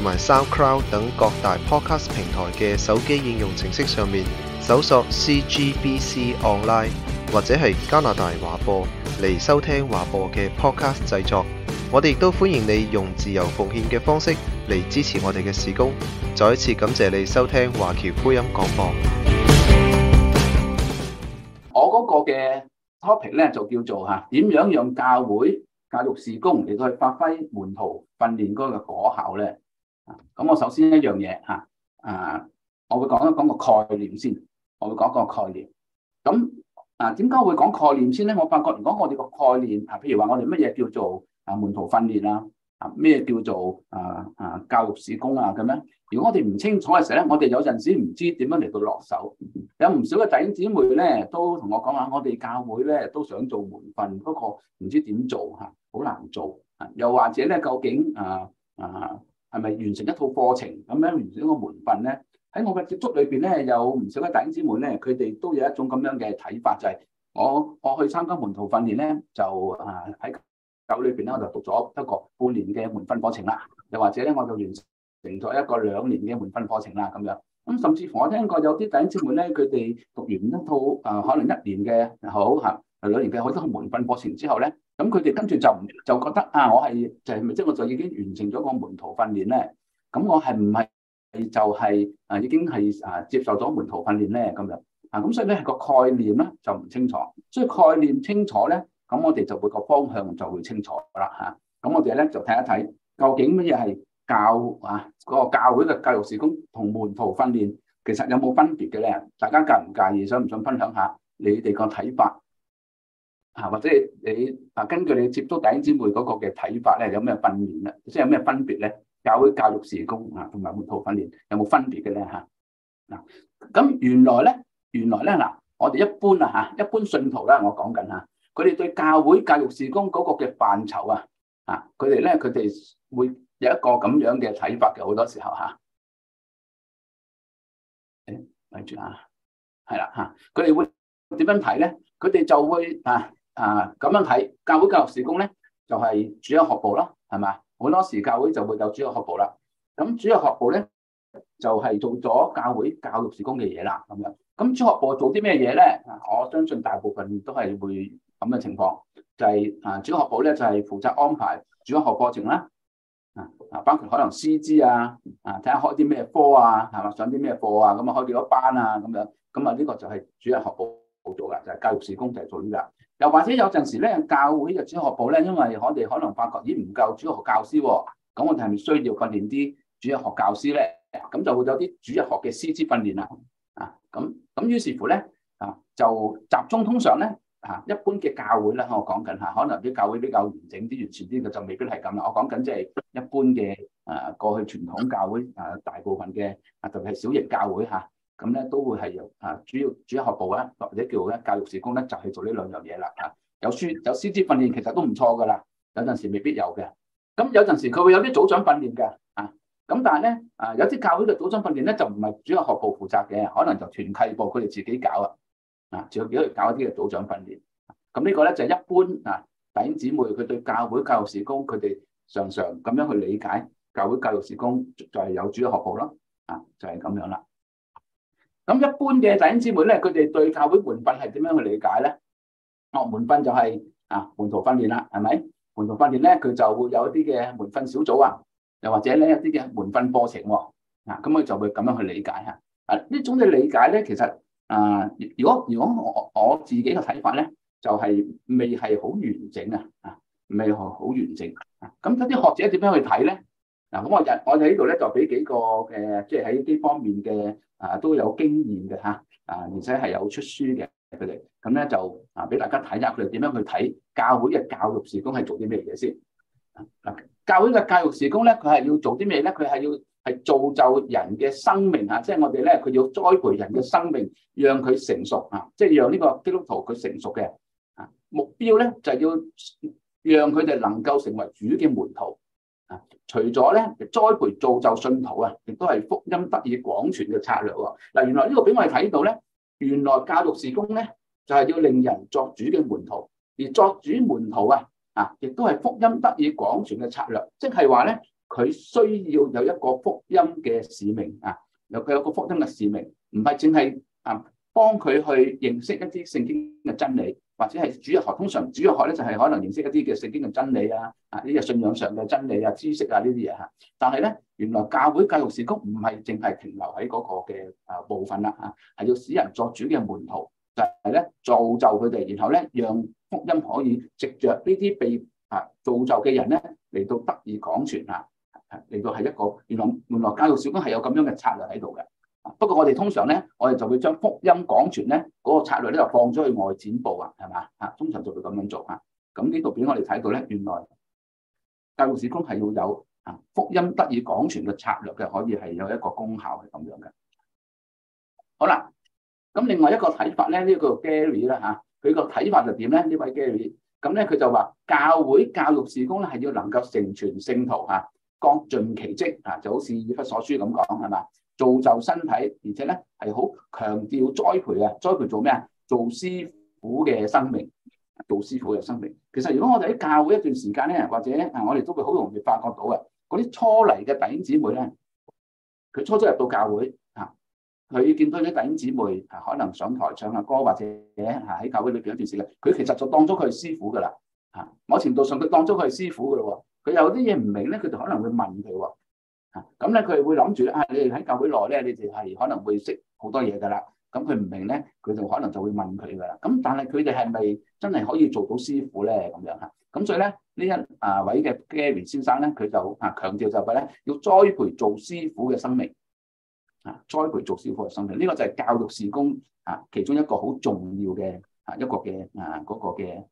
同埋 SoundCloud 等各大 Podcast 平台嘅手機應用程式上面搜索 CGBC Online 或者係加拿大華播嚟收聽華播嘅 Podcast 製作，我哋亦都歡迎你用自由奉獻嘅方式嚟支持我哋嘅事工。再一次感謝你收聽華僑福音廣播。我嗰個嘅 topic 咧，就叫做吓，點樣讓教會教育事工嚟到去發揮門徒訓練嗰個果效咧？咁我首先一樣嘢吓，啊，我會講一講個概念先，我會講個概念。咁啊，點解會講概念先咧？我發覺如果我哋個概念啊，譬如話我哋乜嘢叫做啊門徒訓練啦，啊咩叫做啊啊教育事工啊咁樣，啊？如果我哋唔清楚嘅時候咧，我哋有陣時唔知點樣嚟到落手，有唔少嘅弟姊妹咧都同我講話，我哋教會咧都想做門訓，不過唔知點做吓，好難做啊。又或者咧，究竟啊啊？啊啊係咪完成一套課程咁樣完成一個門訓咧？喺我嘅接觸裏邊咧，有唔少嘅弟兄姊妹咧，佢哋都有一種咁樣嘅睇法，就係、是、我我去參加門徒訓練咧，就啊喺教裏邊咧，我就讀咗一個半年嘅門訓課程啦。又或者咧，我就完成咗一個兩年嘅門訓課程啦。咁樣咁、啊，甚至乎我聽過有啲弟兄姊妹咧，佢哋讀完一套啊，可能一年嘅好嚇、啊、兩年嘅好多門訓課程之後咧。咁佢哋跟住就唔就覺得啊，我係就係咪即係我就已經完成咗個門徒訓練咧？咁我係唔係就係啊已經係啊接受咗門徒訓練咧？咁就啊咁所以咧個概念咧就唔清楚，所以概念清楚咧，咁我哋就會個方向就會清楚啦嚇。咁、啊、我哋咧就睇一睇究竟乜嘢係教啊、個教會嘅教育事工同門徒訓練其實有冇分別嘅咧？大家介唔介意？想唔想分享下你哋個睇法？或者你啊，根據你接觸弟兄姊妹嗰個嘅睇法咧，有咩訓練咧，即係有咩分別咧？教會教育事工啊，同埋門徒訓練有冇分別嘅咧？嚇、啊、嗱，咁原來咧，原來咧嗱，我哋一般啊嚇，一般信徒啦，我講緊嚇，佢、啊、哋對教會教育事工嗰個嘅範疇啊啊，佢哋咧佢哋會有一個咁樣嘅睇法嘅，好多時候嚇。誒，咪住啊，係啦嚇，佢哋、啊啊啊、會點樣睇咧？佢哋就會啊～啊，咁樣睇教會教育事工咧，就係、是、主日學部啦，係嘛？好多時教會就會有主日學部啦。咁主日學部咧，就係、是、做咗教會教育事工嘅嘢啦，咁樣。咁主日學部做啲咩嘢咧？我相信大部分都係會咁嘅情況，就係啊，主日學部咧就係、是、負責安排主日學課程啦。啊，包括可能師資啊，看看啊，睇下開啲咩科啊，係嘛，上啲咩課啊，咁啊，開幾多班啊，咁樣。咁啊，呢個就係主日學部做噶，就係、是、教育事工就係做呢噶。又或者有陣時咧，教會嘅主日學部咧，因為我哋可能發覺咦唔夠主日學教師喎，咁我哋係咪需要訓練啲主日學教師咧？咁就會有啲主日學嘅師資訓練啦。啊，咁咁於是乎咧，啊就集中通常咧，啊一般嘅教會啦，我講緊嚇，可能啲教會比較完整啲、完全啲，就就未必係咁啦。我講緊即係一般嘅啊，過去傳統教會啊，大部分嘅啊，特別係小型教會嚇。啊咁咧都會係由啊主要主要學部咧，或者叫咧教育事工咧，就去、是、做呢兩樣嘢啦嚇。有書有師資訓練其實都唔錯噶啦，有陣時未必有嘅。咁有陣時佢會有啲組長訓練嘅啊。咁但係咧啊，有啲教會嘅組長訓練咧就唔係主要學部負責嘅，可能就團契部佢哋自己搞啊。啊，仲有幾多搞一啲嘅組長訓練。咁呢個咧就係、是、一般啊弟兄姊妹佢對教會教育事工佢哋常常咁樣去理解教會教育事工就係有主要學部咯啊，就係、是、咁樣啦。咁一般嘅弟兄姊妹咧，佢哋對教會門訓係點樣去理解咧？哦，門訓就係啊，門徒訓練啦，係咪？門徒訓練咧，佢就會有一啲嘅門訓小組啊，又或者咧一啲嘅門訓課程喎。啊，咁佢就會咁樣去理解啊。啊，呢種嘅理解咧，其實啊，如果如果我我自己嘅睇法咧，就係未係好完整啊，啊，未好完整。咁嗰啲學者點樣去睇咧？嗱，咁、嗯、我日我哋呢度咧就俾幾個嘅、呃，即係喺呢方面嘅啊、呃、都有經驗嘅嚇啊，而且係有出書嘅佢哋，咁咧、嗯、就啊俾大家睇下佢哋點樣去睇教會嘅教育事工係做啲咩嘢先。嗱、啊，教會嘅教育事工咧，佢係要做啲咩咧？佢係要係造就人嘅生命啊！即係我哋咧，佢要栽培人嘅生命，讓佢成熟啊！即係讓呢個基督徒佢成熟嘅啊，目標咧就係要讓佢哋能夠成為主嘅門徒。啊！除咗咧栽培造就信徒啊，亦都係福音得以廣傳嘅策略嗱、啊啊，原來個呢個俾我哋睇到咧，原來教育事工咧就係、是、要令人作主嘅門徒，而作主門徒啊，啊，亦、啊、都係福音得以廣傳嘅策略。即係話咧，佢需要有一個福音嘅使命啊，由佢有，有個福音嘅使命，唔係淨係啊。幫佢去認識一啲聖經嘅真理，或者係主日學。通常主日學咧就係、是、可能認識一啲嘅聖經嘅真理啊，啊呢個信仰上嘅真理啊、知識啊呢啲嘢嚇。但係咧，原來教會教育事工唔係淨係停留喺嗰個嘅啊部分啦嚇，係要使人作主嘅門徒，就係、是、咧造就佢哋，然後咧讓福音可以藉着呢啲被啊造就嘅人咧嚟到得以廣傳啊，嚟到係一個原來原來教育事工係有咁樣嘅策略喺度嘅。不過我哋通常咧，我哋就會將福音廣傳咧嗰個策略咧就放咗去外展部啊，係嘛吓，通常就會咁樣做吓。咁、啊、呢度俾我哋睇到咧，原來教育事工係要有啊福音得以廣傳嘅策略嘅，可以係有一個功效係咁樣嘅。好啦，咁另外一個睇法咧，呢、呢個 Gary 啦、啊、吓，佢個睇法就點咧？呢位 Gary，咁咧佢就話教會教育事工咧係要能夠成全聖徒啊，各盡其職啊，就好似《以弗所書》咁講係嘛。造就身體，而且咧係好強調栽培啊！栽培做咩啊？做師傅嘅生命，做師傅嘅生命。其實如果我哋喺教會一段時間咧，或者啊，我哋都會好容易發覺到嘅，嗰啲初嚟嘅弟兄姊妹咧，佢初初入到教會啊，佢見到啲弟兄姊妹啊，可能上台唱下歌，或者啊喺教會裏邊一段時間，佢其實就當咗佢係師傅噶啦啊，某程度上，佢當咗佢係師傅噶咯，佢有啲嘢唔明咧，佢就可能會問佢。啊，咁咧佢會諗住啊，你哋喺教會內咧，你哋係可能會識好多嘢噶啦。咁佢唔明咧，佢就可能就會問佢噶啦。咁、嗯、但係佢哋係咪真係可以做到師傅咧？咁樣吓，咁所以咧呢一啊位嘅 Gary 先生咧，佢就啊強調就係話咧，要栽培做師傅嘅生命啊，栽培做師傅嘅生命。呢個就係教育事工啊，師啊其中一個好重要嘅啊一個嘅啊、嗰個嘅誒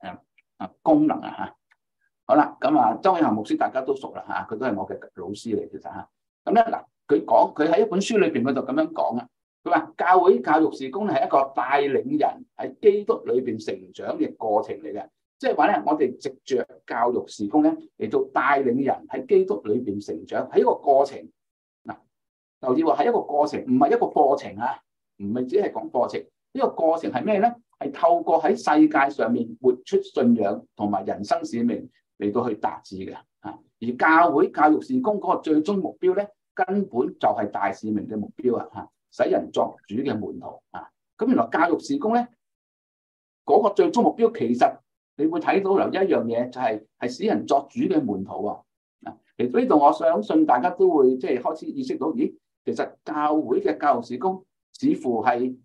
啊，啊，啊功能啊吓。好啦，咁啊，周永雄牧師大家都熟啦嚇，佢都係我嘅老師嚟，其實嚇。咁咧嗱，佢講佢喺一本書裏邊佢就咁樣講啊，佢話教會教育事工係一個帶領人喺基督裏邊成長嘅過程嚟嘅，即係話咧，我哋藉著教育事工咧嚟到帶領人喺基督裏邊成長，係一個過程。嗱，留意話係一個過程，唔係一個過程啊，唔係只係講過程。呢個過程係咩咧？係透過喺世界上面活出信仰同埋人生使命。嚟到去達至嘅，啊！而教會教育事工嗰個最終目標咧，根本就係大使命嘅目標啊，嚇！使人作主嘅門徒啊，咁原來教育事工咧嗰個最終目標，其實你會睇到有一樣嘢，就係係使人作主嘅門徒啊！嚟到呢度，我相信大家都會即係開始意識到，咦，其實教會嘅教育事工似乎係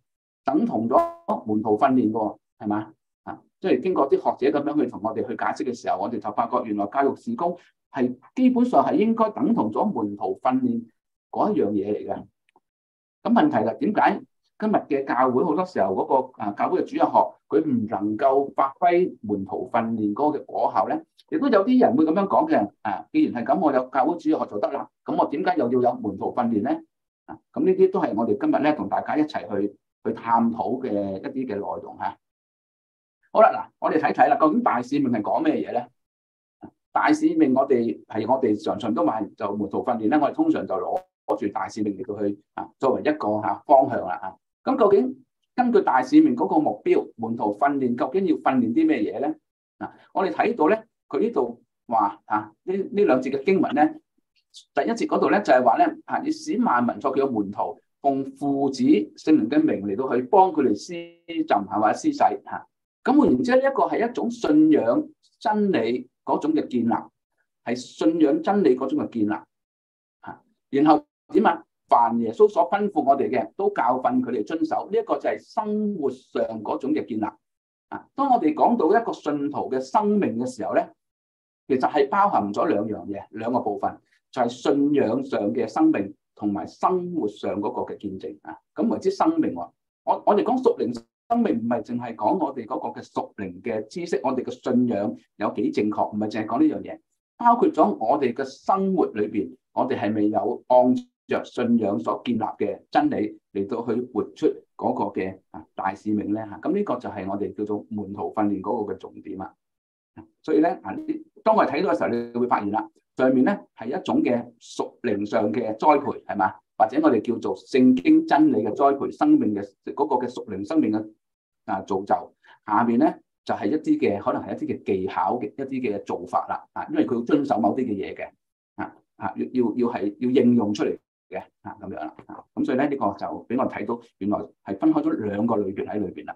等同咗門徒訓練喎，係嘛？即係經過啲學者咁樣去同我哋去解釋嘅時候，我哋就發覺原來教育事工係基本上係應該等同咗門徒訓練嗰一樣嘢嚟嘅。咁問題啦，點解今日嘅教會好多時候嗰個啊教會嘅主日學佢唔能夠發揮門徒訓練嗰嘅果效咧？亦都有啲人會咁樣講嘅。啊，既然係咁，我有教會主日學就得啦，咁我點解又要有門徒訓練咧？啊，咁呢啲都係我哋今日咧同大家一齊去去探討嘅一啲嘅內容嚇。好啦，嗱，我哋睇睇啦。究竟大使命係講咩嘢咧？大使命我哋係我哋常常都話就門徒訓練咧。我哋通常就攞攞住大使命嚟到去啊，作為一個嚇方向啦啊。咁究竟根據大使命嗰個目標，門徒訓練究竟要訓練啲咩嘢咧？啊，我哋睇到咧，佢呢度話啊，呢呢兩節嘅經文咧，第一節嗰度咧就係話咧啊，要使萬民作佢嘅門徒，奉父子聖靈嘅名嚟到去幫佢哋施浸係咪施洗嚇。啊。咁換言之呢一個係一種信仰真理嗰種嘅建立，係信仰真理嗰種嘅建立。嚇，然後點啊？凡耶穌所吩咐我哋嘅，都教訓佢哋遵守。呢一個就係生活上嗰種嘅建立。啊，當我哋講到一個信徒嘅生命嘅時候咧，其實係包含咗兩樣嘢，兩個部分，就係信仰上嘅生命同埋生活上嗰個嘅見證啊。咁為之生命喎，我我哋講屬靈。生命唔係淨係講我哋嗰個嘅屬靈嘅知識，我哋嘅信仰有幾正確，唔係淨係講呢樣嘢，包括咗我哋嘅生活裏邊，我哋係咪有按着信仰所建立嘅真理嚟到去活出嗰個嘅啊大使命咧？吓，咁呢個就係我哋叫做門徒訓練嗰個嘅重點啊。所以咧啊，當我哋睇到嘅時候，你會發現啦，上面咧係一種嘅屬靈上嘅栽培，係嘛？或者我哋叫做聖經真理嘅栽培、生命嘅嗰、那個嘅屬靈生命嘅啊造就。下面咧就係、是、一啲嘅，可能係一啲嘅技巧嘅一啲嘅做法啦。啊，因為佢要遵守某啲嘅嘢嘅啊啊，要要要係要應用出嚟嘅啊咁樣啦。啊，咁所以咧呢、這個就俾我睇到，原來係分開咗兩個類別喺裏邊啦。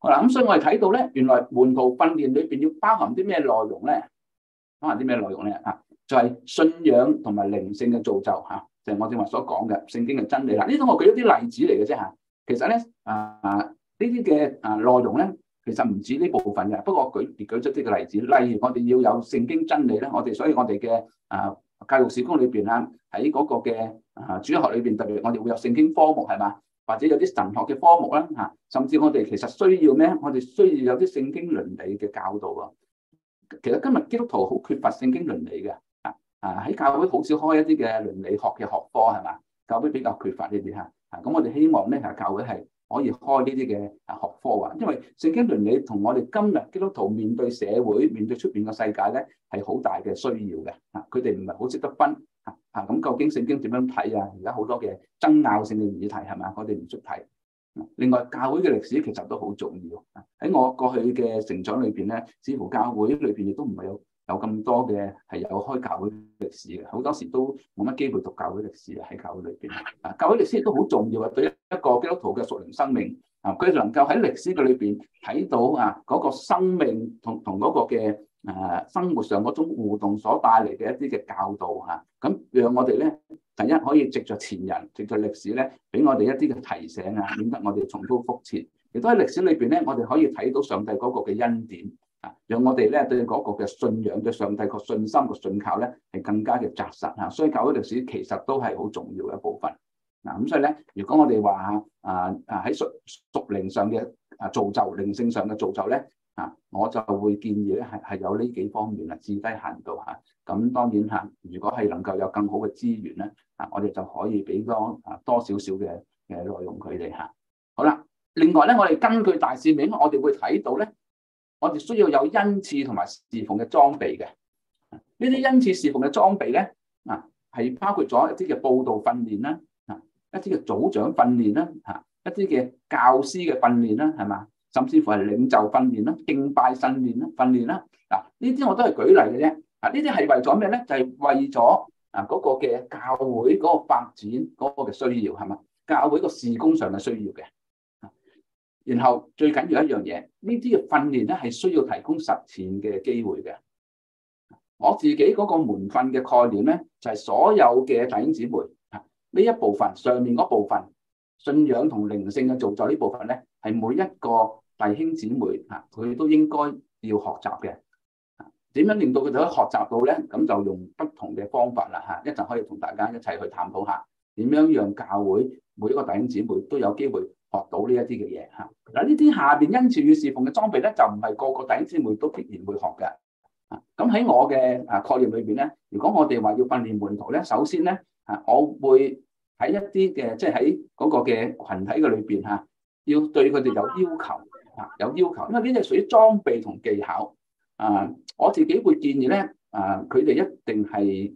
好啦咁，所以我哋睇到咧，原來門徒訓練裏邊要包含啲咩內容咧？包含啲咩內容咧？啊，就係、是、信仰同埋靈性嘅造就嚇。就係我正話所講嘅聖經嘅真理啦。呢種我舉一啲例子嚟嘅啫嚇。其實咧啊呢啲嘅啊內容咧，其實唔止呢部分嘅。不過舉列舉出啲嘅例子，例如我哋要有聖經真理咧，我哋所以我哋嘅啊教育事工裏邊啊，喺嗰個嘅啊主學裏邊，特別我哋會有聖經科目係嘛，或者有啲神學嘅科目啦嚇、啊。甚至我哋其實需要咩？我哋需要有啲聖經倫理嘅教導啊。其實今日基督徒好缺乏聖經倫理嘅。啊！喺教會好少開一啲嘅倫理學嘅學科，係咪？教會比較缺乏呢啲嚇。啊，咁我哋希望咧，係教會係可以開呢啲嘅啊學科啊，因為聖經倫理同我哋今日基督徒面對社會、面對出面嘅世界咧，係好大嘅需要嘅。啊，佢哋唔係好識得分嚇。啊，咁、啊、究竟聖經點樣睇啊？而家好多嘅爭拗性嘅議題係咪？我哋唔識睇。另外，教會嘅歷史其實都好重要。喺、啊、我過去嘅成長裏邊咧，似乎教會裏邊亦都唔係有。有咁多嘅係有開教會歷史嘅，好多時都冇乜機會讀教會歷史喺教會裏邊。啊，教會歷史亦都好重要啊！對一個基督徒嘅屬靈生命，啊，佢能夠喺歷史嘅裏邊睇到啊嗰個生命同同嗰個嘅啊生活上嗰種互動所帶嚟嘅一啲嘅教導啊，咁讓我哋咧第一可以藉着前人，藉著歷史咧，俾我哋一啲嘅提醒啊，免得我哋重蹈覆轍。亦都喺歷史裏邊咧，我哋可以睇到上帝嗰個嘅恩典。啊！讓我哋咧對嗰個嘅信仰嘅上帝個信心個信靠咧，係更加嘅扎實嚇。所以教育歷史其實都係好重要嘅一部分。嗱咁所以咧，如果我哋話啊啊喺屬屬靈上嘅啊造就靈性上嘅造就咧，啊我就會建議咧係係有呢幾方面啊，至低限度嚇。咁、啊、當然嚇、啊，如果係能夠有更好嘅資源咧，啊我哋就可以俾多點點啊多少少嘅嘅內容佢哋嚇。好啦，另外咧，我哋根據大使命，我哋會睇到咧。我哋需要有恩賜同埋侍奉嘅裝備嘅，呢啲恩賜侍奉嘅裝備咧，啊，係包括咗一啲嘅佈道訓練啦，啊，一啲嘅組長訓練啦，啊，一啲嘅教師嘅訓練啦，係嘛，甚至乎係領袖訓練啦、敬拜訓練啦、訓練啦，嗱，呢啲我都係舉例嘅啫，啊，呢啲係為咗咩咧？就係、是、為咗啊嗰個嘅教會嗰個發展嗰個嘅需要係嘛？教會個事工上嘅需要嘅。然後最緊要一樣嘢，呢啲嘅訓練咧係需要提供實踐嘅機會嘅。我自己嗰個門訓嘅概念咧，就係所有嘅弟兄姊妹，呢一部分上面嗰部分信仰同靈性嘅造作呢部分咧，係每一個弟兄姊妹嚇佢都應該要學習嘅。點樣令到佢哋可以學習到咧？咁就用不同嘅方法啦嚇。一陣可以同大家一齊去探討下點樣讓教會。每一個弟兄姊妹都有機會學到呢一啲嘅嘢嚇。嗱、啊，呢啲下邊恩慈與侍奉嘅裝備咧，就唔係個個弟兄姊妹都必然會學嘅。咁、啊、喺我嘅啊概念裏邊咧，如果我哋話要訓練門徒咧，首先咧啊，我會喺一啲嘅即係喺嗰個嘅群體嘅裏邊嚇，要對佢哋有要求啊，有要求，因為呢啲係屬於裝備同技巧啊。我自己會建議咧啊，佢哋一定係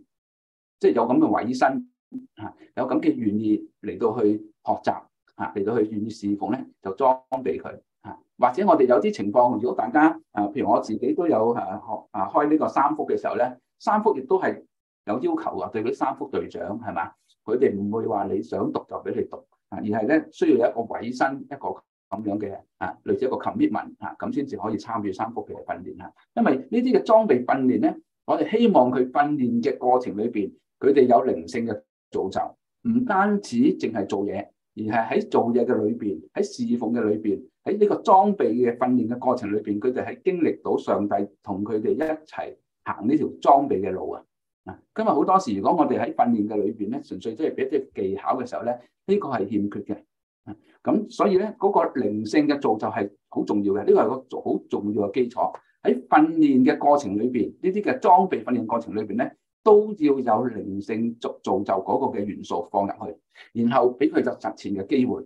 即係有咁嘅委身。啊，有咁嘅願意嚟到去學習啊，嚟到去願意侍奉咧，就裝備佢啊。或者我哋有啲情況，如果大家啊，譬如我自己都有啊，學啊開呢個三福嘅時候咧，三福亦都係有要求嘅，對嗰啲三福隊長係嘛，佢哋唔會話你想讀就俾你讀啊，而係咧需要有一個委身一個咁樣嘅啊，類似一個 commitment 啊，咁先至可以參與三福嘅訓練啊。因為裝呢啲嘅裝備訓練咧，我哋希望佢訓練嘅過程裏邊，佢哋有靈性嘅。造就，唔單止淨係做嘢，而係喺做嘢嘅裏邊，喺侍奉嘅裏邊，喺呢個裝備嘅訓練嘅過程裏邊，佢哋喺經歷到上帝同佢哋一齊行呢條裝備嘅路啊！啊，今日好多時，如果我哋喺訓練嘅裏邊咧，純粹都係俾啲技巧嘅時候咧，呢個係欠缺嘅。咁、啊嗯、所以咧，嗰個靈性嘅造就係好重要嘅，呢個係個好重要嘅基礎喺訓練嘅過程裏邊，呢啲嘅裝備訓練過程裏邊咧。都要有靈性塑造就嗰個嘅元素放入去，然後俾佢有實踐嘅機會。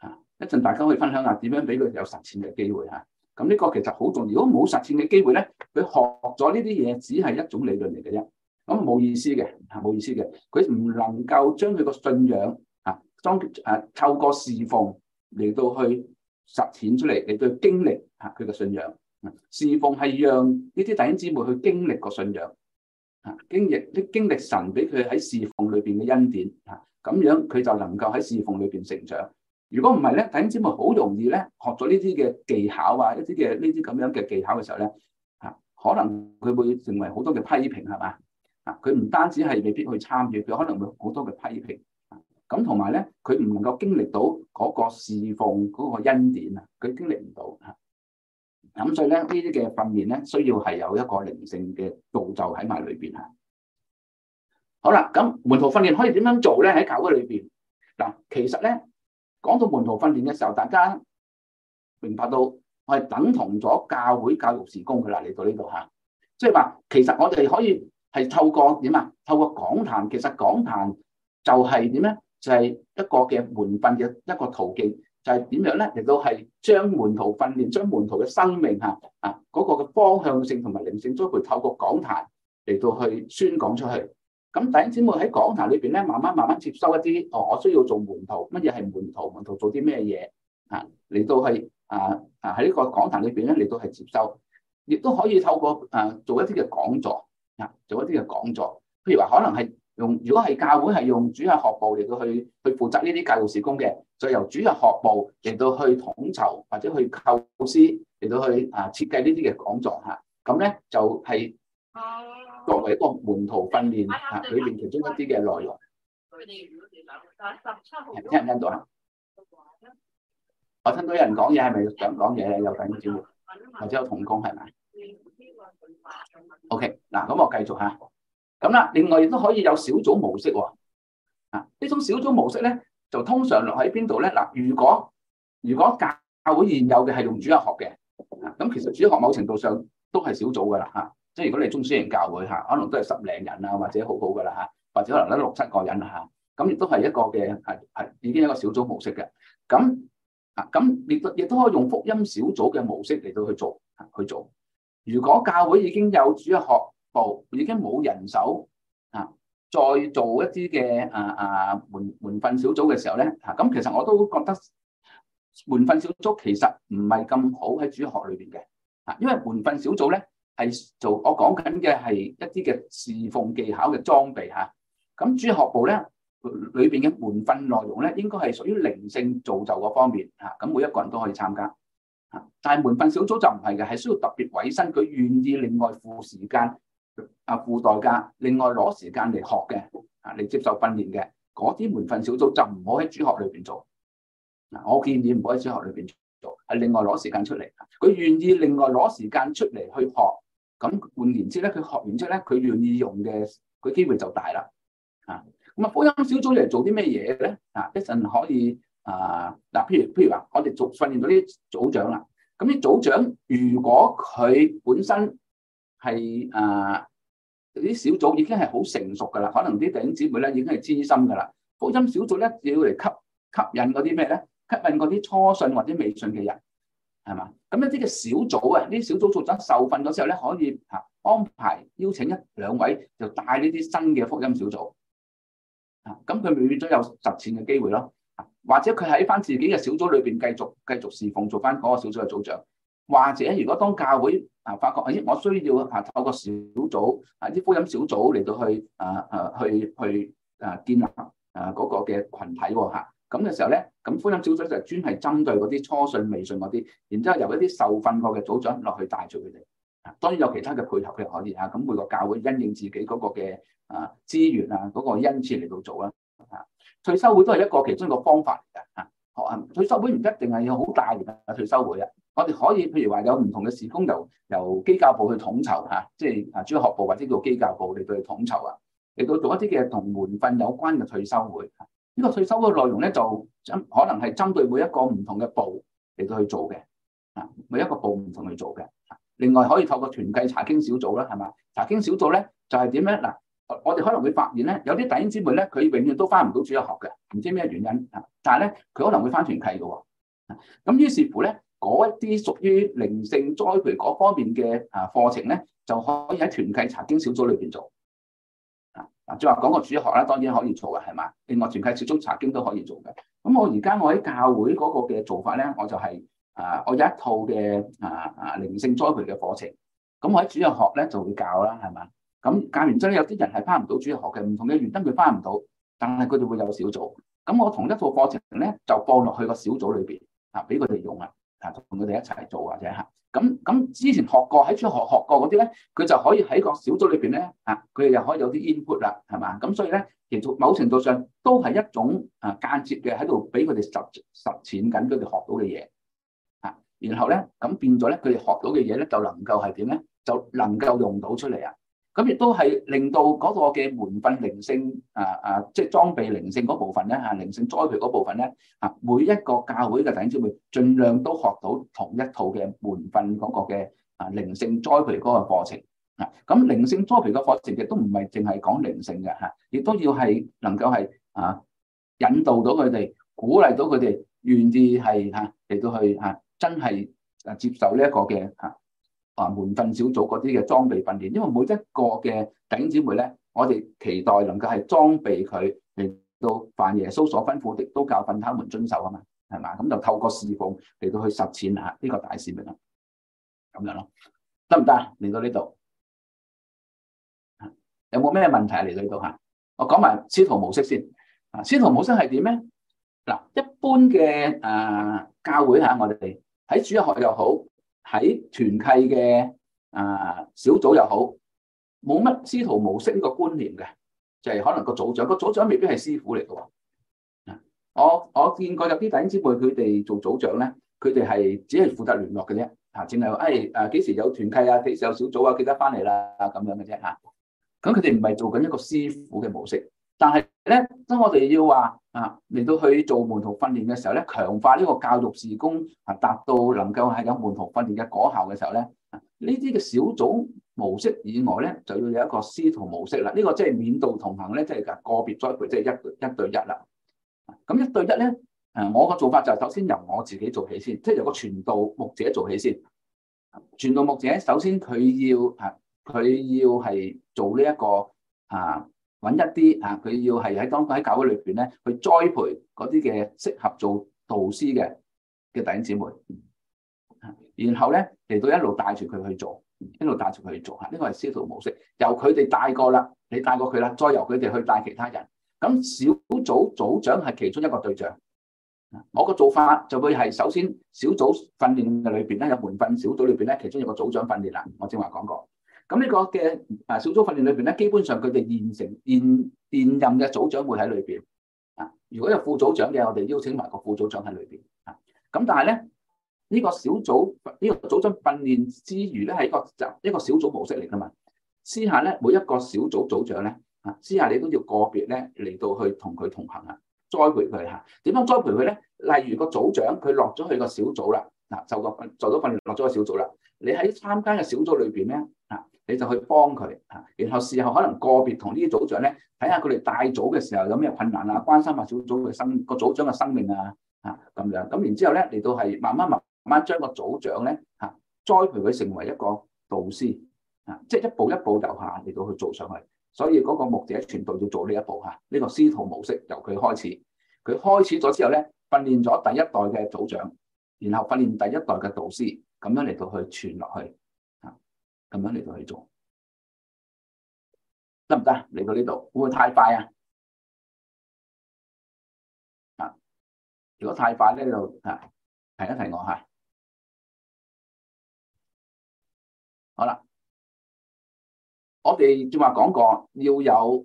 嚇、啊！一陣大家可以分享下點樣俾佢有實踐嘅機會嚇。咁、啊、呢個其實好重要。如果冇實踐嘅機會咧，佢學咗呢啲嘢只係一種理論嚟嘅啫，咁、啊、冇意思嘅嚇，冇意思嘅。佢唔能夠將佢個信仰嚇，當、啊、誒透過侍奉嚟到去實踐出嚟，嚟到經歷嚇佢個信仰。啊、侍奉係讓呢啲弟兄姊妹去經歷個信仰。啊，經歷啲經歷神俾佢喺侍奉裏邊嘅恩典，嚇咁樣佢就能夠喺侍奉裏邊成長。如果唔係咧，弟兄姊妹好容易咧學咗呢啲嘅技巧啊，一啲嘅呢啲咁樣嘅技巧嘅時候咧，嚇可能佢會成為好多嘅批評係嘛？啊，佢唔單止係未必去參與，佢可能會好多嘅批評。咁同埋咧，佢唔能夠經歷到嗰個侍奉嗰個恩典啊，佢經歷唔到嚇。咁所以咧，呢啲嘅訓練咧，需要係有一個靈性嘅造就喺埋裏邊吓。好啦，咁門徒訓練可以點樣做咧？喺教會裏邊嗱，其實咧講到門徒訓練嘅時候，大家明白到我係等同咗教會教育事工噶啦。嚟到呢度吓，即係話其實我哋可以係透過點啊？透過講壇，其實講壇就係點咧？就係一個嘅門訓嘅一個途徑。就係點樣咧？亦都係將門徒訓練，將門徒嘅生命嚇，啊嗰個嘅方向性同埋靈性栽培，透過講壇嚟到去宣講出去。咁等姐妹喺講壇裏邊咧，慢慢慢慢接收一啲哦，我需要做門徒，乜嘢係門徒，門徒做啲咩嘢嚇？嚟到係啊，啊喺呢個講壇裏邊咧嚟到係接收，亦都可以透過誒，做一啲嘅講座啊，做一啲嘅講座，譬如話可能係。用如果係教會係用主日學部嚟到去去負責呢啲教育事工嘅，再由主日學部嚟到去統籌或者去構思嚟到去啊設計呢啲嘅講座吓，咁咧就係作為一個門徒訓練吓裏面其中一啲嘅內容。聽唔聽到啊？我聽到有人講嘢，係咪想講嘢啊？有打招呼或者有同工係咪？OK 嗱，咁我繼續吓。咁啦，另外亦都可以有小組模式喎。啊，呢種小組模式咧，就通常落喺邊度咧？嗱，如果如果教會現有嘅係用主日學嘅，咁、啊、其實主日學某程度上都係小組噶啦嚇。即係如果你係中小型教會嚇、啊，可能都係十零人啊，或者好好噶啦嚇，或者可能得六七個人嚇，咁、啊、亦、啊、都係一個嘅係係已經一個小組模式嘅。咁啊咁，亦、啊、亦、啊啊、都，都可以用福音小組嘅模式嚟到去做、啊、去做、啊。如果教會已經有主日學部已經冇人手啊！再做一啲嘅啊啊，門門訓小組嘅時候咧啊，咁其實我都覺得門訓小組其實唔係咁好喺主學裏邊嘅啊，因為門訓小組咧係做我講緊嘅係一啲嘅侍奉技巧嘅裝備嚇。咁、啊啊、主學部咧裏邊嘅門訓內容咧應該係屬於靈性造就嗰方面嚇，咁、啊啊啊、每一個人都可以參加嚇、啊，但係門訓小組就唔係嘅，係需要特別委身佢願意另外付時間。啊，付代價，另外攞時間嚟學嘅，啊，嚟接受訓練嘅，嗰啲門訓小組就唔好喺主學裏邊做。嗱，我建議唔好喺主學裏邊做，係另外攞時間出嚟。佢願意另外攞時間出嚟去學，咁換言之咧，佢學完之咧，佢願意用嘅，佢機會就大啦。啊，咁啊，福音小組嚟做啲咩嘢咧？啊，一陣可以啊，嗱、呃，譬如譬如話，我哋做訓練到啲組長啦，咁、那、啲、個、組長如果佢本身。係啊，啲、呃、小組已經係好成熟㗎啦，可能啲弟兄姊妹咧已經係知心㗎啦。福音小組咧要嚟吸吸引嗰啲咩咧？吸引嗰啲初信或者未信嘅人係嘛？咁一啲嘅小組啊，呢啲小組組長受訓咗之後咧，可以嚇安排邀請一兩位就帶呢啲新嘅福音小組嚇，咁佢咪變咗有實踐嘅機會咯。啊、或者佢喺翻自己嘅小組裏邊繼續繼續侍奉，做翻嗰個小組嘅組長。或者如果當教會啊發覺咦、哎、我需要啊透過小組啊啲福音小組嚟到去啊啊去去啊建立啊嗰個嘅群體喎咁嘅時候咧，咁福音小組就是專係針對嗰啲初信未信嗰啲，然之後由一啲受訓過嘅組長落去帶住佢哋。當然有其他嘅配合嘅可以嚇，咁、啊、每個教會因應自己嗰個嘅啊資源、那個、啊嗰個恩賜嚟到做啦嚇。退休會都係一個其中一個方法嚟噶嚇，學、啊、下退休會唔一定係有好大型嘅退休會啊。我哋可以譬如話有唔同嘅事工，由由基教部去統籌嚇，即係啊主日學部或者叫基教部嚟到去統籌啊，嚟到做一啲嘅同門訓有關嘅退休會。呢、這個退休會內容咧就針可能係針對每一個唔同嘅部嚟到去做嘅啊，每一個部唔同去做嘅。另外可以透過團契查經小組啦，係嘛？查經小組咧就係點咧？嗱，我哋可能會發現咧，有啲弟兄姊妹咧，佢永遠都返唔到主日學嘅，唔知咩原因嚇、啊。但係咧佢可能會返團契嘅喎。咁、啊、於是乎咧。嗰一啲屬於靈性栽培嗰方面嘅啊課程咧，就可以喺團契查經小組裏邊做啊！啊，再話講個主日學啦，當然可以做嘅，係嘛？另外團契小組查經都可以做嘅。咁我而家我喺教會嗰個嘅做法咧，我就係、是、啊，我有一套嘅啊啊靈性栽培嘅課程。咁我喺主日學咧就會教啦，係嘛？咁教完之後有啲人係翻唔到主日學嘅，唔同嘅原因佢翻唔到，但係佢哋會有小組。咁我同一套課程咧就放落去個小組裏邊啊，俾佢哋用啊。同佢哋一齊做或者嚇，咁、啊、咁、啊、之前學過喺出學學過嗰啲咧，佢就可以喺個小組裏邊咧，啊，佢哋又可以有啲 input 啦，係嘛？咁所以咧，其實某程度上都係一種啊間接嘅喺度俾佢哋實實踐緊佢哋學到嘅嘢啊，啊，然後咧咁變咗咧，佢哋學到嘅嘢咧就能夠係點咧，就能夠用到出嚟啊！咁亦都係令到嗰個嘅門訓靈性啊啊，即係裝備靈性嗰部分咧嚇、啊，靈性栽培嗰部分咧啊，每一個教會嘅弟兄姊妹，儘量都學到同一套嘅門訓嗰個嘅啊靈性栽培嗰個課程啊。咁靈性栽培嘅課程亦都唔係淨係講靈性嘅嚇，亦、啊、都要係能夠係啊引導到佢哋，鼓勵到佢哋，願意係嚇嚟到去嚇、啊、真係啊接受呢一個嘅嚇。啊啊！門訓小組嗰啲嘅裝備訓練，因為每一個嘅弟兄姊妹咧，我哋期待能夠係裝備佢嚟到凡耶穌所吩咐的，都教訓他們遵守啊嘛，係嘛？咁就透過侍奉嚟到去實踐吓呢個大使命得咁樣咯，得唔得？嚟到呢度、啊、有冇咩問題嚟到呢度吓？我講埋師徒模式先，啊，師徒模式係點咧？嗱、啊，一般嘅誒、啊、教會吓、啊，我哋喺主日學又好。喺團契嘅啊小組又好，冇乜師徒模式呢個觀念嘅，就係可能個組長個組長未必係師傅嚟嘅喎。我我見過有啲弟子妹佢哋做組長咧，佢哋係只係負責聯絡嘅啫，啊，淨係話誒誒幾時有團契啊，幾時有小組啊，記得翻嚟啦咁樣嘅啫嚇。咁佢哋唔係做緊一個師傅嘅模式，但係，咧，當我哋要話啊，嚟到去做門徒訓練嘅時候咧，強化呢個教育事工啊，達到能夠係有門徒訓練嘅果效嘅時候咧，呢啲嘅小組模式以外咧，就要有一個師徒模式啦。呢個即係免道同行咧，即係個個別栽培，即係一對一對一啦。咁，啊，一對一咧，誒、啊，我個做法就首先由我自己做起先，即係由個傳道牧者做起先。啊，傳道牧者首先佢要係佢要係做呢一個啊。揾一啲啊，佢要係喺當喺教會裏邊咧，去栽培嗰啲嘅適合做導師嘅嘅弟兄姊妹，然後咧嚟到一路帶住佢去做，一路帶住佢去做，嚇，呢個係師徒模式，由佢哋帶過啦，你帶過佢啦，再由佢哋去帶其他人。咁小組組長係其中一個對象，我個做法就會係首先小組訓練嘅裏邊咧，有門訓小組裏邊咧，其中一個組長訓練啦，我正話講過。咁呢個嘅啊小組訓練裏邊咧，基本上佢哋現成現現任嘅組長會喺裏邊啊。如果有副組長嘅，我哋邀請埋個副組長喺裏邊啊。咁但係咧，呢個小組呢個組長訓練之餘咧，係一個一個小組模式嚟噶嘛。私下咧，每一個小組組長咧啊，私下你都要個別咧嚟到去同佢同行啊，栽培佢嚇。點樣栽培佢咧？例如個組長佢落咗去個小組啦，啊，就個就咗訓練落咗個小組啦。你喺參加嘅小組裏邊咧啊。你就去幫佢嚇，然後事後可能個別同呢啲組長咧，睇下佢哋大組嘅時候有咩困難啊，關心下小組嘅生個組長嘅生命啊，嚇咁樣，咁然之後咧嚟到係慢慢慢慢將個組長咧嚇栽培佢成為一個導師啊，即係一步一步由下嚟到去做上去。所以嗰個目的全部要做呢一步嚇，呢、這個師徒模式由佢開始，佢開始咗之後咧訓練咗第一代嘅組長，然後訓練第一代嘅導師，咁樣嚟到去傳落去。咁樣嚟到去做得唔得？嚟到呢度會唔會太快啊？啊！如果太快咧呢度啊，提一提我嚇。好啦，我哋正話講過要有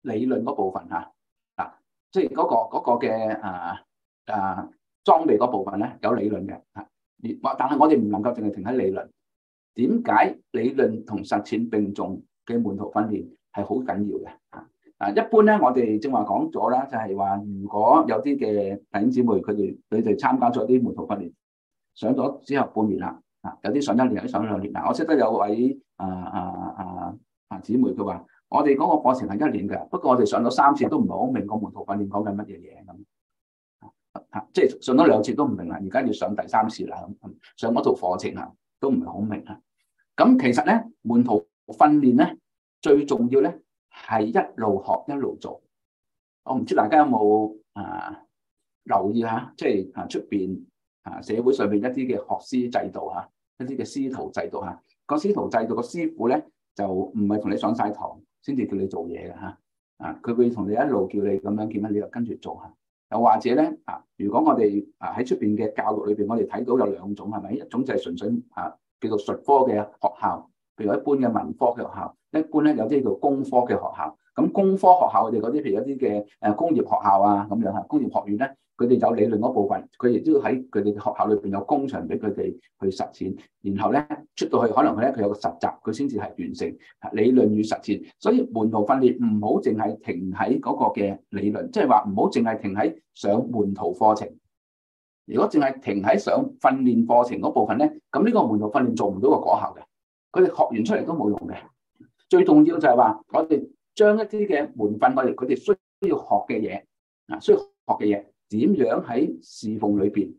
理論嗰部分嚇，嗱，即係嗰個嗰個嘅啊啊裝備嗰部分咧有理論嘅嚇，而我但係我哋唔能夠淨係停喺理論。點解理論同實踐並重嘅門徒訓練係好緊要嘅啊？啊，一般咧，我哋正話講咗啦，就係話如果有啲嘅弟兄姊妹，佢哋佢哋參加咗啲門徒訓練，上咗之後半年啦，啊，有啲上一年，有啲上兩年。嗱，我識得有位啊啊啊啊姊妹，佢話我哋嗰個課程係一年噶，不過我哋上咗三次都唔係好明個門徒訓練講緊乜嘢嘢咁，即係上咗兩次都唔明啦，而家要上第三次啦咁，上嗰套課程啊。都唔係好明啊！咁其實咧，門徒訓練咧，最重要咧，係一路學一路做。我唔知大家有冇啊留意下，即係啊出邊啊社會上邊一啲嘅學師制度啊，一啲嘅師徒制度啊，個師徒制度個師傅咧就唔係同你上晒堂先至叫你做嘢嘅嚇啊，佢會同你一路叫你咁樣叫樣你就跟住做嚇。又或者咧啊，如果我哋啊喺出邊嘅教育裏邊，我哋睇到有兩種，係咪？一種就係純粹啊叫做術科嘅學校，譬如一般嘅文科嘅學校。一般咧有啲叫做工科嘅學校，咁、嗯、工科學校佢哋嗰啲，譬如有啲嘅誒工業學校啊，咁樣嚇，工業學院咧佢哋有理論嗰部分，佢亦都要喺佢哋學校裏邊有工場俾佢哋去實踐，然後咧出到去可能佢咧佢有個實習，佢先至係完成理論與實踐。所以門徒訓練唔好淨係停喺嗰個嘅理論，即係話唔好淨係停喺上門徒課程。如果淨係停喺上訓練課程嗰部分咧，咁呢個門徒訓練做唔到個果效嘅，佢哋學完出嚟都冇用嘅。最重要就係話，我哋將一啲嘅門訓，我哋，佢哋需要學嘅嘢啊，需要學嘅嘢點樣喺侍奉裏邊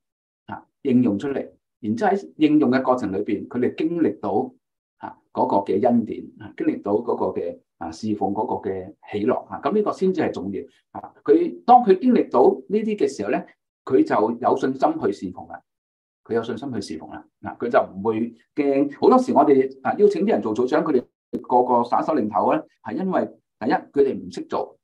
啊，應用出嚟，然之後喺應用嘅過程裏邊，佢哋經歷到啊嗰個嘅恩典，啊、經歷到嗰個嘅啊侍奉嗰個嘅喜樂啊，咁呢個先至係重要啊！佢當佢經歷到呢啲嘅時候咧，佢就有信心去侍奉啦，佢有信心去侍奉啦，嗱、啊、佢就唔會驚。好多時我哋啊邀請啲人做組長，佢哋。個個耍手擰頭咧，係因為第一佢哋唔識做，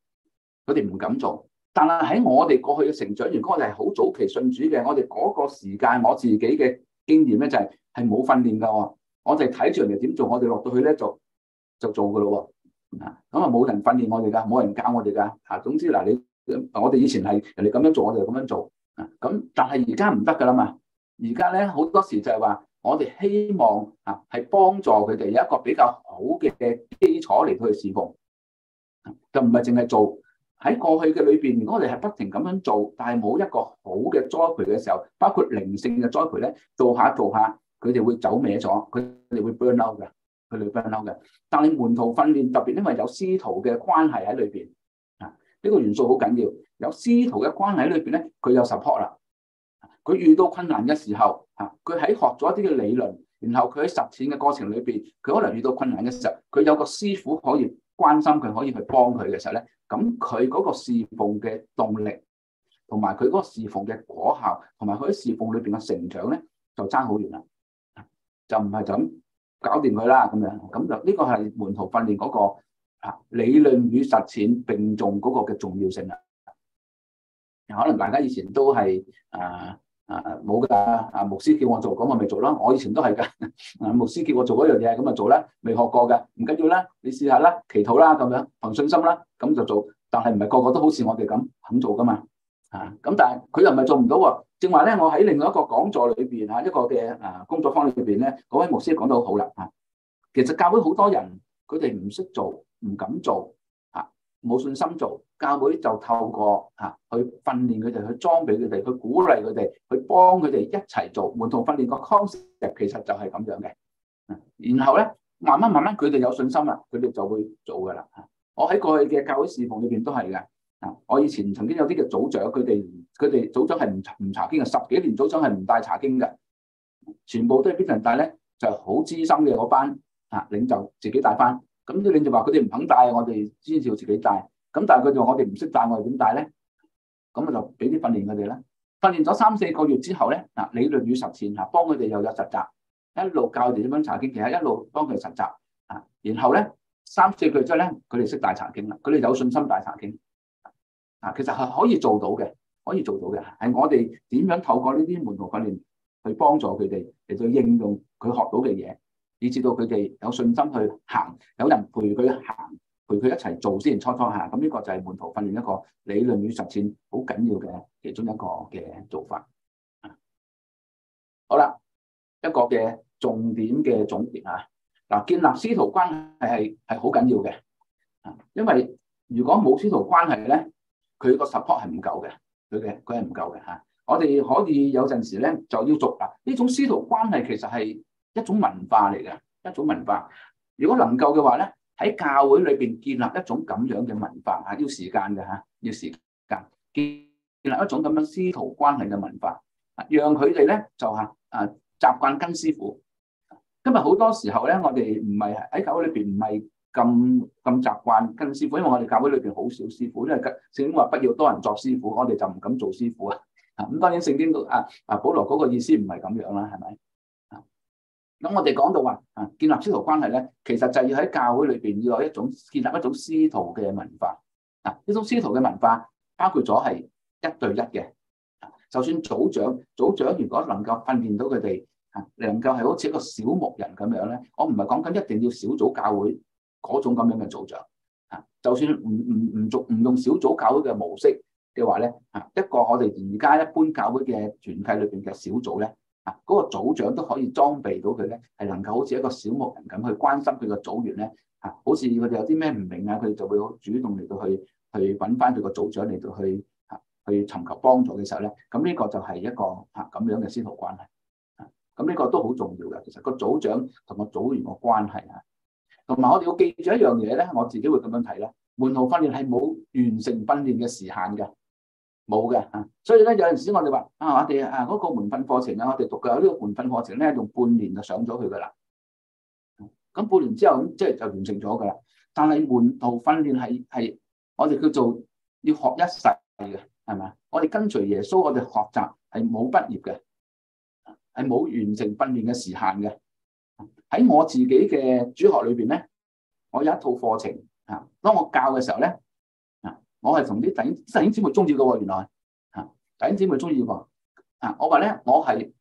佢哋唔敢做。但係喺我哋過去嘅成長，如果我哋係好早期信主嘅，我哋嗰個時間，我自己嘅經驗咧、就是，就係係冇訓練噶。我我哋睇住人哋點做，我哋落到去咧就就做噶咯。啊，咁啊冇人訓練我哋噶，冇人教我哋噶。啊，總之嗱，你我哋以前係人哋咁樣做，我哋就咁樣做。啊，咁但係而家唔得噶啦嘛。而家咧好多時就係話。我哋希望啊，係幫助佢哋有一個比較好嘅基礎嚟到去侍奉，就唔係淨係做喺過去嘅裏邊。如果我哋係不停咁樣做，但係冇一個好嘅栽培嘅時候，包括靈性嘅栽培咧，做下做下，佢哋會走歪咗，佢哋會 burn out 嘅，佢哋 burn out 嘅。但係門徒訓練特別，因為有師徒嘅關係喺裏邊啊，呢個元素好緊要。有師徒嘅關係喺裏邊咧，佢有 support 啦，佢遇到困難嘅時候。啊！佢喺學咗一啲嘅理論，然後佢喺實踐嘅過程裏邊，佢可能遇到困難嘅時候，佢有個師傅可以關心佢，可以去幫佢嘅時候咧，咁佢嗰個侍奉嘅動力，同埋佢嗰侍奉嘅果效，同埋佢喺侍奉裏邊嘅成長咧，就爭好遠啦，就唔係就咁搞掂佢啦咁樣，咁就呢個係門徒訓練嗰個、啊、理論與實踐並重嗰個嘅重要性啦、啊。可能大家以前都係啊～啊，冇噶啊，牧師叫我做，咁我咪做咯。我以前都係噶，啊，牧師叫我做嗰樣嘢咁就做啦。未學過噶，唔緊要啦，你試下啦，祈禱啦，咁樣憑信心啦，咁就做。但係唔係個個都好似我哋咁肯做噶嘛？啊，咁但係佢又唔係做唔到喎。正話咧，我喺另外一個講座裏邊啊，一個嘅啊工作坊裏邊咧，嗰位牧師講得好啦啊。其實教會好多人佢哋唔識做，唔敢做。冇信心做，教會就透過吓去訓練佢哋，去裝備佢哋，去鼓勵佢哋，去幫佢哋一齊做門徒訓練個 concept，其實就係咁樣嘅。然後咧，慢慢慢慢佢哋有信心啦，佢哋就會做噶啦。我喺過去嘅教會事奉裏邊都係嘅。啊，我以前曾經有啲嘅組長，佢哋佢哋組長係唔唔查經嘅，十幾年組長係唔帶查經嘅，全部都係邊人帶咧，就係、是、好資深嘅嗰班啊，領袖自己帶翻。咁啲人就話佢哋唔肯帶，我哋先至要自己帶。咁但係佢哋話我哋唔識帶，我哋點帶咧？咁我就俾啲訓練佢哋啦。訓練咗三四個月之後咧，嗱，理論與實踐嚇，幫佢哋又有實習，一路教佢哋點樣查經，其實一路幫佢哋實習。啊，然後咧，三四個月之後咧，佢哋識帶查經啦，佢哋有信心帶查經。啊，其實係可以做到嘅，可以做到嘅，係我哋點樣透過呢啲門徒訓練去幫助佢哋嚟到應用佢學到嘅嘢。以至到佢哋有信心去行，有人陪佢行，陪佢一齊做先，初初嚇。咁呢個就係門徒訓練一個理論與實踐好緊要嘅其中一個嘅做法。好啦，一個嘅重點嘅總結啊。嗱，建立師徒關係係係好緊要嘅，啊，因為如果冇師徒關係咧，佢個 support 係唔夠嘅，佢嘅佢係唔夠嘅嚇。我哋可以有陣時咧就要做啊，呢種師徒關係其實係。一種文化嚟嘅，一種文化。如果能夠嘅話咧，喺教會裏邊建立一種咁樣嘅文化，啊，要時間嘅吓，要時間建建立一種咁樣師徒關係嘅文化，啊，讓佢哋咧就吓啊習慣跟師傅。今日好多時候咧，我哋唔係喺教會裏邊唔係咁咁習慣跟師傅，因為我哋教會裏邊好少師傅，因為聖經話不要多人作師傅，我哋就唔敢做師傅啊。咁當然，聖經啊啊保羅嗰個意思唔係咁樣啦，係咪？咁我哋講到話啊，建立師徒關係咧，其實就係要喺教會裏邊要有一種建立一種師徒嘅文化。嗱、啊，呢種師徒嘅文化，包括咗係一對一嘅、啊。就算組長，組長如果能夠訓練到佢哋啊，能夠係好似一個小牧人咁樣咧，我唔係講緊一定要小組教會嗰種咁樣嘅組長。啊，就算唔唔唔做唔用小組教會嘅模式嘅話咧，啊，一個我哋而家一般教會嘅團體裏邊嘅小組咧。啊！嗰、那個組長都可以裝備到佢咧，係能夠好似一個小牧人咁去關心佢個組員咧。啊，好似佢哋有啲咩唔明啊，佢就會主動嚟到去去揾翻佢個組長嚟到去啊，去尋求幫助嘅時候咧，咁、啊、呢、這個就係一個啊咁樣嘅師徒關係啊。咁、啊、呢、這個都好重要噶。其實個組長同個組員個關係啊，同埋我哋要記住一樣嘢咧，我自己會咁樣睇咧，門徒訓練係冇完成訓練嘅時限噶。冇嘅，所以咧有陣時我哋話啊，我哋啊嗰個門訓課程啊，我哋讀嘅呢個門訓課程咧，用半年就上咗去噶啦。咁半年之後咁，即係就完成咗噶啦。但係門徒訓練係係我哋叫做要學一世嘅，係咪啊？我哋跟隨耶穌，我哋學習係冇畢業嘅，係冇完成訓練嘅時限嘅。喺我自己嘅主學裏邊咧，我有一套課程啊。當我教嘅時候咧。我係同啲弟兄弟兄姊妹中意噶喎。原來吓弟兄姊妹中意喎，啊我話咧我係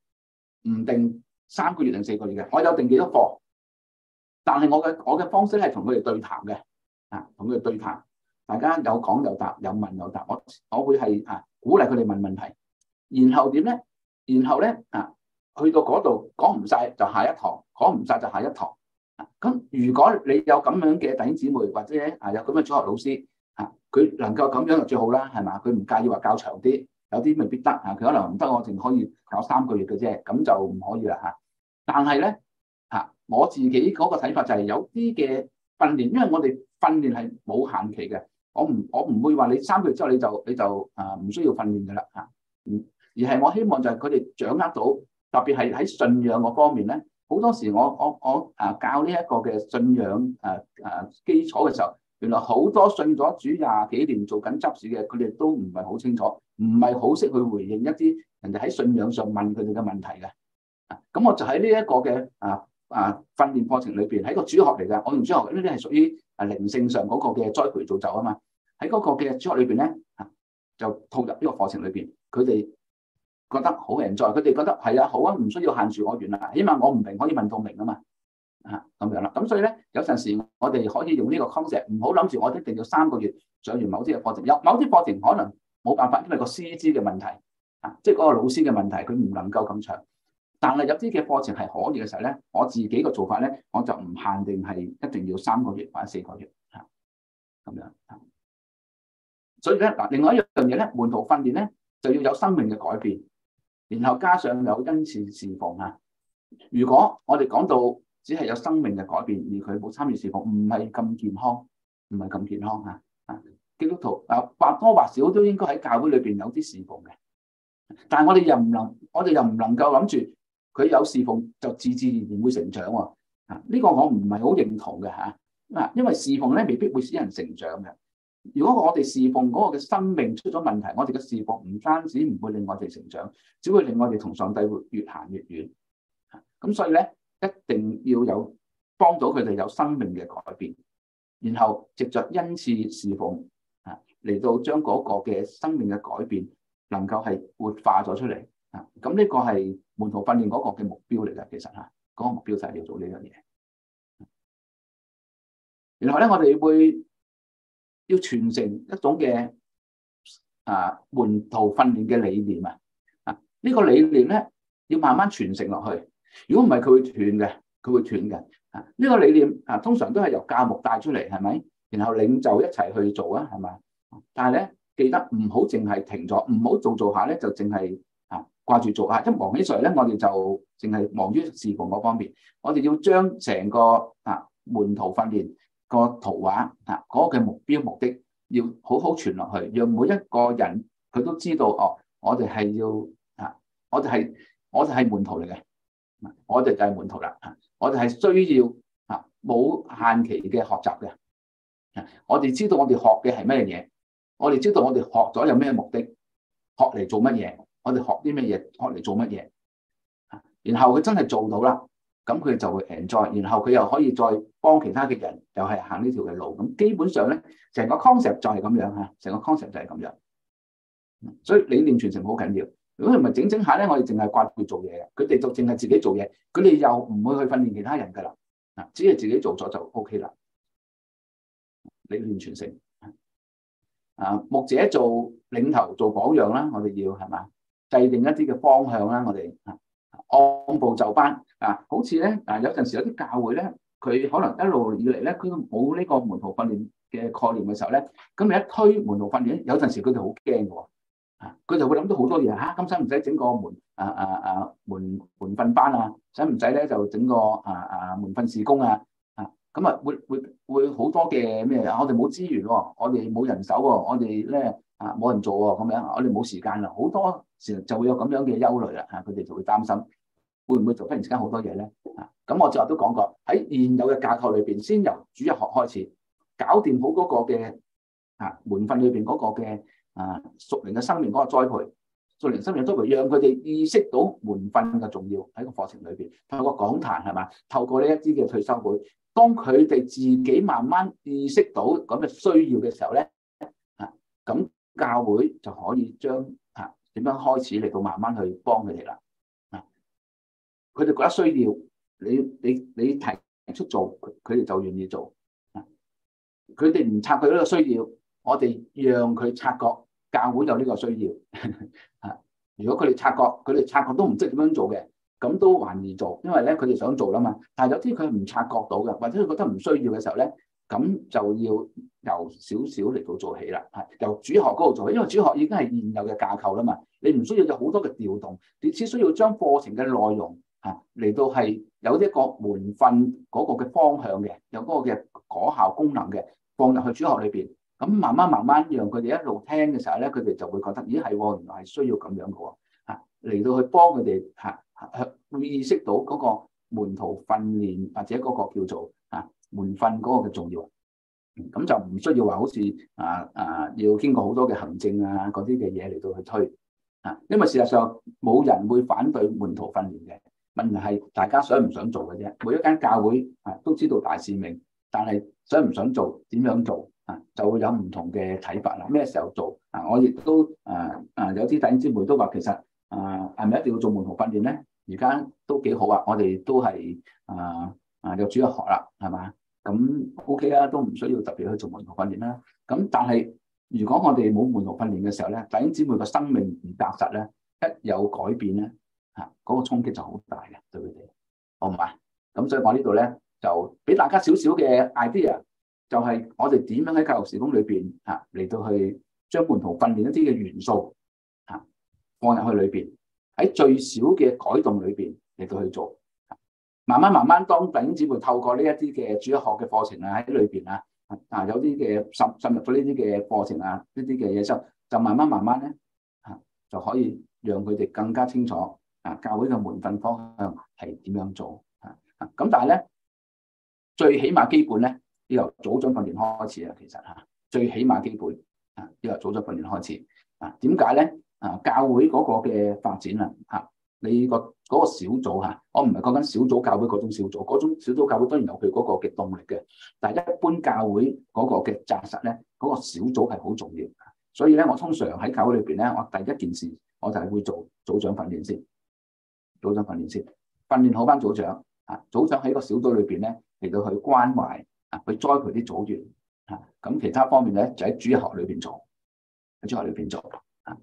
唔定三個月定四個月嘅，我有定幾多個課，但係我嘅我嘅方式係同佢哋對談嘅，啊同佢哋對談，大家有講有答，有問有答，我我會係啊鼓勵佢哋問問題，然後點咧？然後咧啊去到嗰度、啊、講唔晒就下一堂，講唔晒就下一堂，咁、啊啊、如果你有咁樣嘅弟兄姊妹或者啊有咁嘅中學老師。佢能夠咁樣就最好啦，係嘛？佢唔介意話較長啲，有啲未必得嚇。佢、啊、可能唔得，我淨可以搞三個月嘅啫，咁就唔可以啦嚇、啊。但係咧嚇，我自己嗰個睇法就係有啲嘅訓練，因為我哋訓練係冇限期嘅。我唔我唔會話你三個月之後你就你就啊唔需要訓練噶啦嚇。而係我希望就係佢哋掌握到，特別係喺信仰嗰方面咧，好多時我我我教啊教呢一個嘅信仰啊啊基礎嘅時候。原來好多信咗主廿幾年做緊執事嘅，佢哋都唔係好清楚，唔係好識去回應一啲人哋喺信仰上問佢哋嘅問題嘅。咁、啊、我就喺呢、啊啊、一個嘅啊啊訓練課程裏邊，喺個主學嚟嘅。我唔主學呢啲係屬於啊靈性上嗰個嘅栽培造就啊嘛。喺嗰個嘅主學裏邊咧，就套入呢個課程裏邊，佢哋覺得好自在，佢哋覺得係啊好啊，唔需要限住我原啦，起碼我唔明可以問到明啊嘛。啊，咁樣啦，咁所以咧，有陣時我哋可以用呢個 concept，唔好諗住我一定要三個月上完某啲嘅課程，有某啲課程可能冇辦法，因為個師資嘅問題啊，即係嗰個老師嘅問題，佢唔能夠咁長。但係有啲嘅課程係可以嘅時候咧，我自己嘅做法咧，我就唔限定係一定要三個月或者四個月啊，咁樣啊。所以咧嗱啊，另外一樣嘢咧，門徒訓練咧就要有生命嘅改變，然後加上有恩賜事奉啊。如果我哋講到，只係有生命嘅改變，而佢冇參與侍奉，唔係咁健康，唔係咁健康嚇，啊。基督徒啊，或多或少都應該喺教會裏邊有啲侍奉嘅。但係我哋又唔能，我哋又唔能夠諗住佢有侍奉就自自然然會成長喎。啊，呢個我唔係好認同嘅嚇。啊，因為侍奉咧未必會使人成長嘅。如果我哋侍奉嗰個嘅生命出咗問題，我哋嘅侍奉唔單止唔會令我哋成長，只會令我哋同上帝越行越遠。咁，啊，所以咧。一定要有幫到佢哋有生命嘅改變，然後藉着恩賜侍奉啊，嚟到將嗰個嘅生命嘅改變能夠係活化咗出嚟啊！咁、這、呢個係門徒訓練嗰個嘅目標嚟㗎，其實嚇嗰、啊那個目標就係要做呢樣嘢。然後咧，我哋會要傳承一種嘅啊門徒訓練嘅理念啊！啊，呢、啊這個理念咧要慢慢傳承落去。如果唔係佢會斷嘅，佢會斷嘅。啊，呢個理念啊，通常都係由教牧帶出嚟，係咪？然後領袖一齊去做啊，係咪？但係咧，記得唔好淨係停咗，唔好做做下咧就淨係啊掛住做啊，一忙起上嚟咧，我哋就淨係忙於事奉嗰方面。我哋要將成個啊門徒訓練個圖畫啊嗰個嘅目標目的要好好傳落去，讓每一個人佢都知道哦，我哋係要啊，我哋係我哋係門徒嚟嘅。我哋就係門徒啦，我哋係需要吓冇限期嘅學習嘅，我哋知道我哋學嘅係咩嘢，我哋知道我哋學咗有咩目的，學嚟做乜嘢，我哋學啲乜嘢，學嚟做乜嘢，然後佢真係做到啦，咁佢就會 enjoy，然後佢又可以再幫其他嘅人，又係行呢條嘅路，咁基本上咧，成個 concept 就係咁樣吓，成個 concept 就係咁樣，所以理念傳承好緊要。如果唔係整整下咧，我哋淨係掛住做嘢嘅，佢哋就淨係自己做嘢，佢哋又唔會去訓練其他人噶啦，啊，只係自己做咗就 OK 啦，理念傳承啊，牧者做領頭做榜樣啦，我哋要係嘛，制定一啲嘅方向啦，我哋、啊、按部就班啊，好似咧啊有陣時有啲教會咧，佢可能一路以嚟咧，佢冇呢個門徒訓練嘅概念嘅時候咧，咁你一推門徒訓練，有陣時佢哋好驚嘅。啊！佢就會諗到好多嘢嚇，咁使唔使整個門啊啊啊門門訓班啊？使唔使咧就整個啊啊門訓事工啊？啊咁啊會會會好多嘅咩？我哋冇資源喎，我哋冇人手喎，我哋咧啊冇人做喎，咁樣我哋冇時間啦，好多時就會有咁樣嘅憂慮啦嚇，佢哋就會擔心會唔會做？忽然之間好多嘢咧啊！咁我昨日都講過喺現有嘅架構裏邊，先由主日學開始搞掂好嗰個嘅啊門訓裏邊嗰個嘅。啊，熟齡嘅生命嗰個栽培，熟齡生命嘅栽培，讓佢哋意識到門訓嘅重要，喺個課程裏邊，透過講壇係嘛，透過呢一啲嘅退修會，當佢哋自己慢慢意識到咁嘅需要嘅時候咧，啊，咁教會就可以將啊點樣開始嚟到慢慢去幫佢哋啦。啊，佢哋覺得需要，你你你提出做，佢哋就願意做。啊，佢哋唔察佢呢個需要，我哋讓佢察覺。教會有呢個需要，啊！如果佢哋察覺，佢哋察覺都唔知點樣做嘅，咁都還易做，因為咧佢哋想做啦嘛。但有啲佢唔察覺到嘅，或者佢覺得唔需要嘅時候咧，咁就要由少少嚟到做起啦。啊，由主學嗰度做起，因為主學已經係現有嘅架構啦嘛。你唔需要有好多嘅調動，你只需要將課程嘅內容嚇嚟到係有啲一個門訓嗰個嘅方向嘅，有嗰個嘅果效功能嘅，放入去主學裏邊。咁慢慢慢慢，讓佢哋一路聽嘅時候咧，佢哋就會覺得，咦係喎，原來係需要咁樣嘅喎。嚟到去幫佢哋嚇，會、啊、意識到嗰個門徒訓練或者嗰個叫做嚇、啊、門訓嗰個嘅重要。咁、嗯、就唔需要話好似啊啊要經過好多嘅行政啊嗰啲嘅嘢嚟到去推啊，因為事實上冇人會反對門徒訓練嘅，問題係大家想唔想做嘅啫。每一間教會嚇、啊、都知道大使命，但係想唔想做，點樣做？就會有唔同嘅睇法啦。咩時候做啊？我亦都誒誒、呃，有啲弟兄姊妹都話其實啊，係、呃、咪一定要做門徒訓練咧？而家都幾好啊！我哋都係啊啊，有、呃、主日學啦，係嘛？咁 OK 啦、啊，都唔需要特別去做門徒訓練啦。咁但係如果我哋冇門徒訓練嘅時候咧，弟兄姊妹個生命唔紮實咧，一有改變咧嚇，嗰、啊嗰個衝擊就好大嘅對佢哋，好唔好啊？咁所以我呢度咧就俾大家少少嘅 idea。就係我哋點樣喺教育時空裏邊啊，嚟到去將門徒訓練一啲嘅元素啊，放入去裏邊喺最少嘅改動裏邊嚟到去做、啊，慢慢慢慢，當弟兄姊妹透過呢一啲嘅主日學嘅課程啊，喺裏邊啊啊，啊有啲嘅滲滲入咗呢啲嘅課程啊，呢啲嘅嘢之後，就慢慢慢慢咧啊，就可以讓佢哋更加清楚啊，教會嘅門訓方向係點樣做啊？咁、啊、但係咧，最起碼基本咧。要由組長訓練開始啊，其實吓最起碼基本啊，要由組長訓練開始啊。點解咧？啊，教會嗰個嘅發展啊，吓你個嗰個小組吓，我唔係講緊小組教會嗰種小組，嗰種小組教會當然有佢嗰個嘅動力嘅，但係一般教會嗰個嘅紮實咧，嗰個小組係好重要。所以咧，我通常喺教會裏邊咧，我第一件事我就係會做組長訓練先，組長訓練先，訓練好班組長啊。組長喺個小組裏邊咧，嚟到去關懷。啊！去栽培啲組員，啊！咁其他方面咧就喺主學裏邊做，喺主學裏邊做，啊！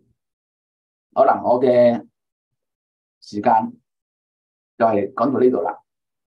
好啦，我嘅時間就係講到呢度啦。